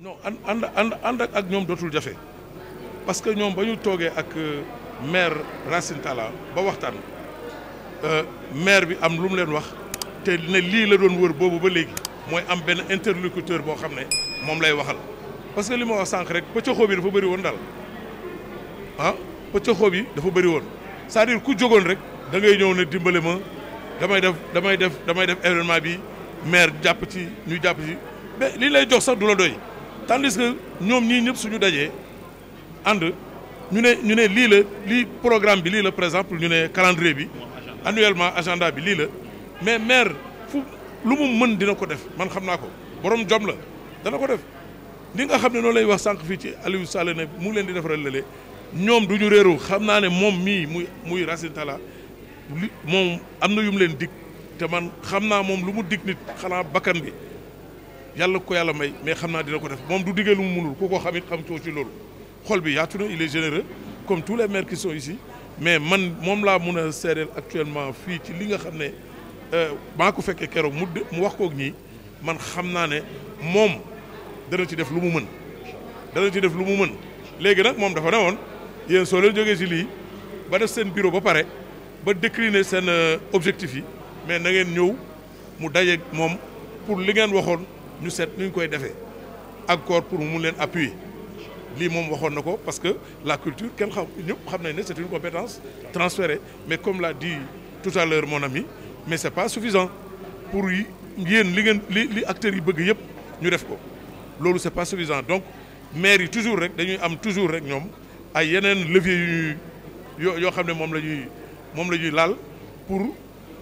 non and ak ñom dotul jafé parce que ñom bañu togué ak euh, maire Racine la, ba euh maire bi am lu mu leen wax té ne li la doon wër bobu ba légui moy am ben interlocuteur bo xamné mom lay waxal parce que li mo wax sank rek pëccaxoo bi dafa bëri won dal ah pëccaxoo bi dafa bëri won c'est-à-dire ku jogon rek da ngay ñëw ne dimbale ma damay def damay def damay def événement bi maire japp ci ñu japp ci mais lay jox sax du la doy tandis que ñoom ñii ñëpp suñu dajé and ñu né ñu né li le li programme bi li le par exemple ñu né calendrier bi annuellement agenda bi li le mais maire fu lu mu mën dina ko def man xamna ko borom jom la dana ko def li nga xam no lay wax sank fi ci Aliou Sall ne mu leen di defal lele ñom duñu ñu xamna né mom mi muy muy Racine Talla li moom am leen dig te man xamna mom lu mu dig nit xala bakam bi yalla ko yalla may mais xamna dina ko def mom du diggee mu munul ku ko xamit xam coo ci loolu xol bi yatuna il est généreux comme tous les maires qui sont ici mais man mom la mun a actuellement fi ci li nga xamné euh maa ko fekkee keroog mu wax ko ak ñii man xamna né mom moom dana ci def lu mu mën dana ci def lu mu mën légui nak mom dafa ne yeen yéen soo leen jógee si lii ba def sen bureau ba paré ba décliner sen euh, objectif yi mais na ngeen ñew mu dajeeg mom pour li ngeen waxone nous c'est nu ñu koy defee ak pour mu leen appuyer lii moom waxoon na parce que la culture kenn xam ñëpp xam nañ c'est une compétence transférée mais comme l'a dit tout à l'heure mon ami mais c'est pas suffisant pour yéen li ngeen li li acteurs yi bëgg yëpp ñu def ko loolu c'est pas suffisant donc mairie toujours rek dañuy am toujours rek ñoom ay yeneen levier yu ñuy yoo xam ne moom la ñuy moom pour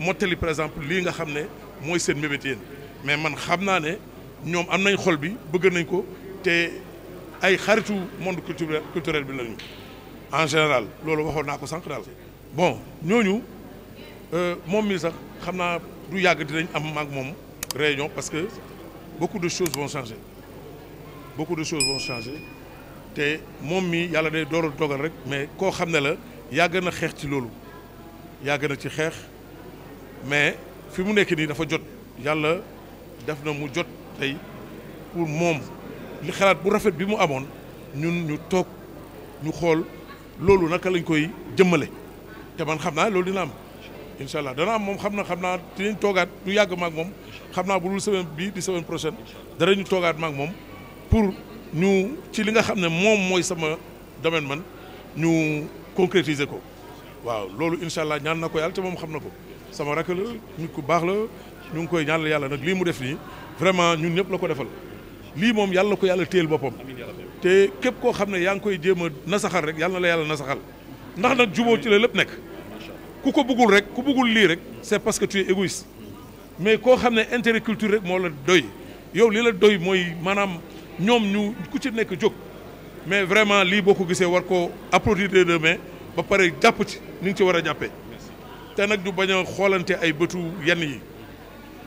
mottali par exemple lii nga xam ne mooy seen mébét yéen mais man xam naa ñom am nañ xol bi bëgg nañ ko té ay xaritu monde culturel culturel bi lañu en général lolu waxoon na ko sank dal bon euh mom mi sax xamna du yag dinañ am mag mom réunion parce que beaucoup de choses vont changer beaucoup de choses vont changer té mom mi yalla day door dogal rek mais ko xam la yag na xex ci lolu yag na ci xex mais fi mu nekk nii dafa jot yalla def na mu jot tay pour mom li xalat bu rafet bi mu amone ñun ñu tok ñu xol lolu naka lañ koy jëmmale té man xamna lolu dina am inshallah allah dana am moom xam na xam dinañ toogaat du yag maak moom xam naa bu dul semaine bi di semaine prochaine dara ñu toogaat maak mom pour ñu ci li nga xam mom moy sama domaine man ñu concrétiser ko waaw lolu inshallah ñaan nako yalla té mom moom xam na ko sama rakk la nit ku bax la ñung koy ñaanal yàlla nag mu def vraiment ñun la defal lii moom yàlla ko yàlla te képp koo xam ne koy jéem nasaxal rek yàlla la yàlla nasaxal ndax nag ci la lépp ku ko bugul rek ku rek c'est parce que tu es égoïste mais koo xam ne intérêt culture rek moo la doy yow li la doy mooy maanaam ñoom ñu ku ci mais vraiment lii boo ko gisee war koo applaudir demain, de ba ci ni ci war a te nag ñu bañ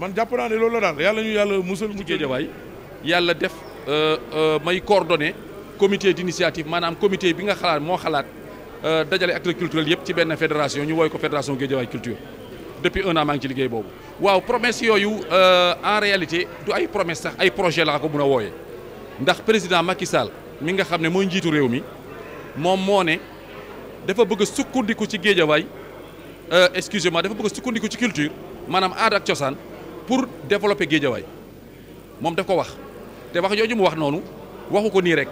man jàpp naa ne loolu la daal yàlla ñu yàlla musal mu Géejawaay yàlla def euh, euh, may coordonner comité d'initiative. manam comité bi nga mo xalat euh dajale acteurs culturels yépp ci benn fédération ñu woy ko fédération Géejawaay culture depuis un an maa ngi ci liggéey bobu waaw promesse euh, en réalité du ay promesse sax ay projet la ko mun woyé ndax président Macky Sall mi nga xamné ne mooy réew mi mom mo né dafa bëgg a sukkandiku ci euh excusez-moi dafa bëgg a ci culture manam aada ak cosaan. pour développer géejawaay moom daf ko wax te wax jooju mu wax noonu waxu ko nii rek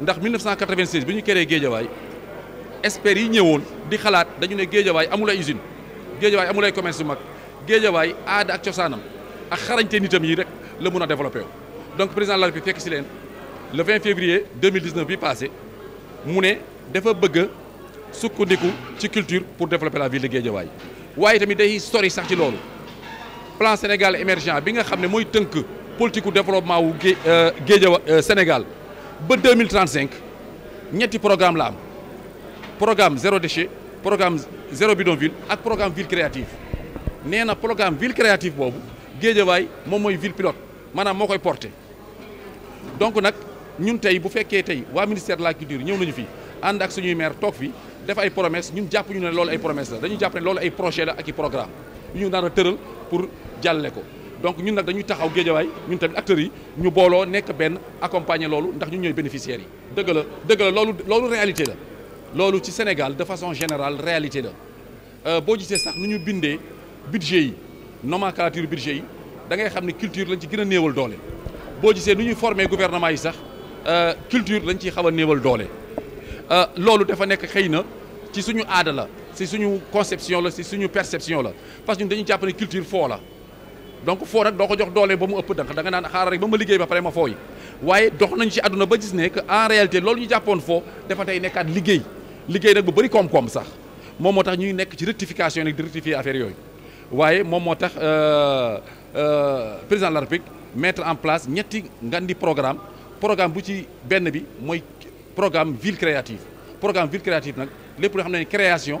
ndax 1996 bi ñu créé Guédiawaye experts yi ñëwoon di xalaat dañu ne Guédiawaye amul ay usine Guédiawaye amul ay commerce yu mag Guédiawaye aada ak cosaanam ak xarañte nitam yi rek la mun a développé wu donc président de la fekk si leen le 20 février 2019 bi passé mu ne dafa bëgg a sukkandiku ci culture pour développer la ville de Guédiawaye waaye tamit day sori sax ci loolu plan Sénégal émergent bi nga xam le mooy politique de développement wu euh, euh, Sénégal ba 2035 ñetti programme la am programme zéro déchet programme zéro bidonville ak programme ville créative a un programme ville créative qui est une ville pilote maanaam moo koy porté donc nag ñun tey bu fekkee tey waa ministère de la culture ñëw nañu fi ànd ak suñuy maire toog fi def ay promesse ñun jàpp ñu ne loolu ay promesse Nous avons fait un projet la ak programme yu ñu nar a tëral pour jàlle ko donc ñun nag dañuy taxaw géejawaay ñun tamit acteurs yi ñu booloo nekk benn accompagner loolu ndax ñu ñooy bénéficiaires yi dëgg la dëgg la loolu loolu réalité la loolu ci Sénégal de façon général réalité la euh, boo gisee sax nu ñu bindee budget yi nomenclature budget yi dangay xam ne culture lañ ci gën a néewal doole boo gisee ni ñuy former gouvernement yi sax euh, culture lañ ciy xaw a néewal doole euh, loolu dafa nekk xëy na ci suñu aada C'est une conception c'est une perception parce que nous avons une culture forte. donc il faut que jox peu ba mu peu un ma que en réalité ce ñu nous devons nous faire un nous rectification un rectifier euh, euh, président de mettre en place un programme programme programme ville créative programme ville créative c'est lépp création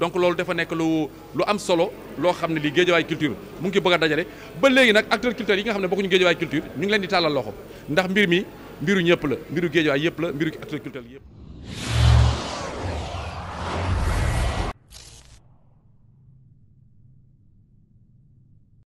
donc loolu dafa nekk lu lu am solo lo xam ne li géejawaay culture mu ngi bëgg a dajale ba léegi nag acteurs culture yi nga xam ne bokku ñu géejawaay culture ñu ngi leen di tàllal loxo ndax mbir mi mbiru ñëpp la mbiru géejawaay yëpp la mbiru acteurs culture yëpp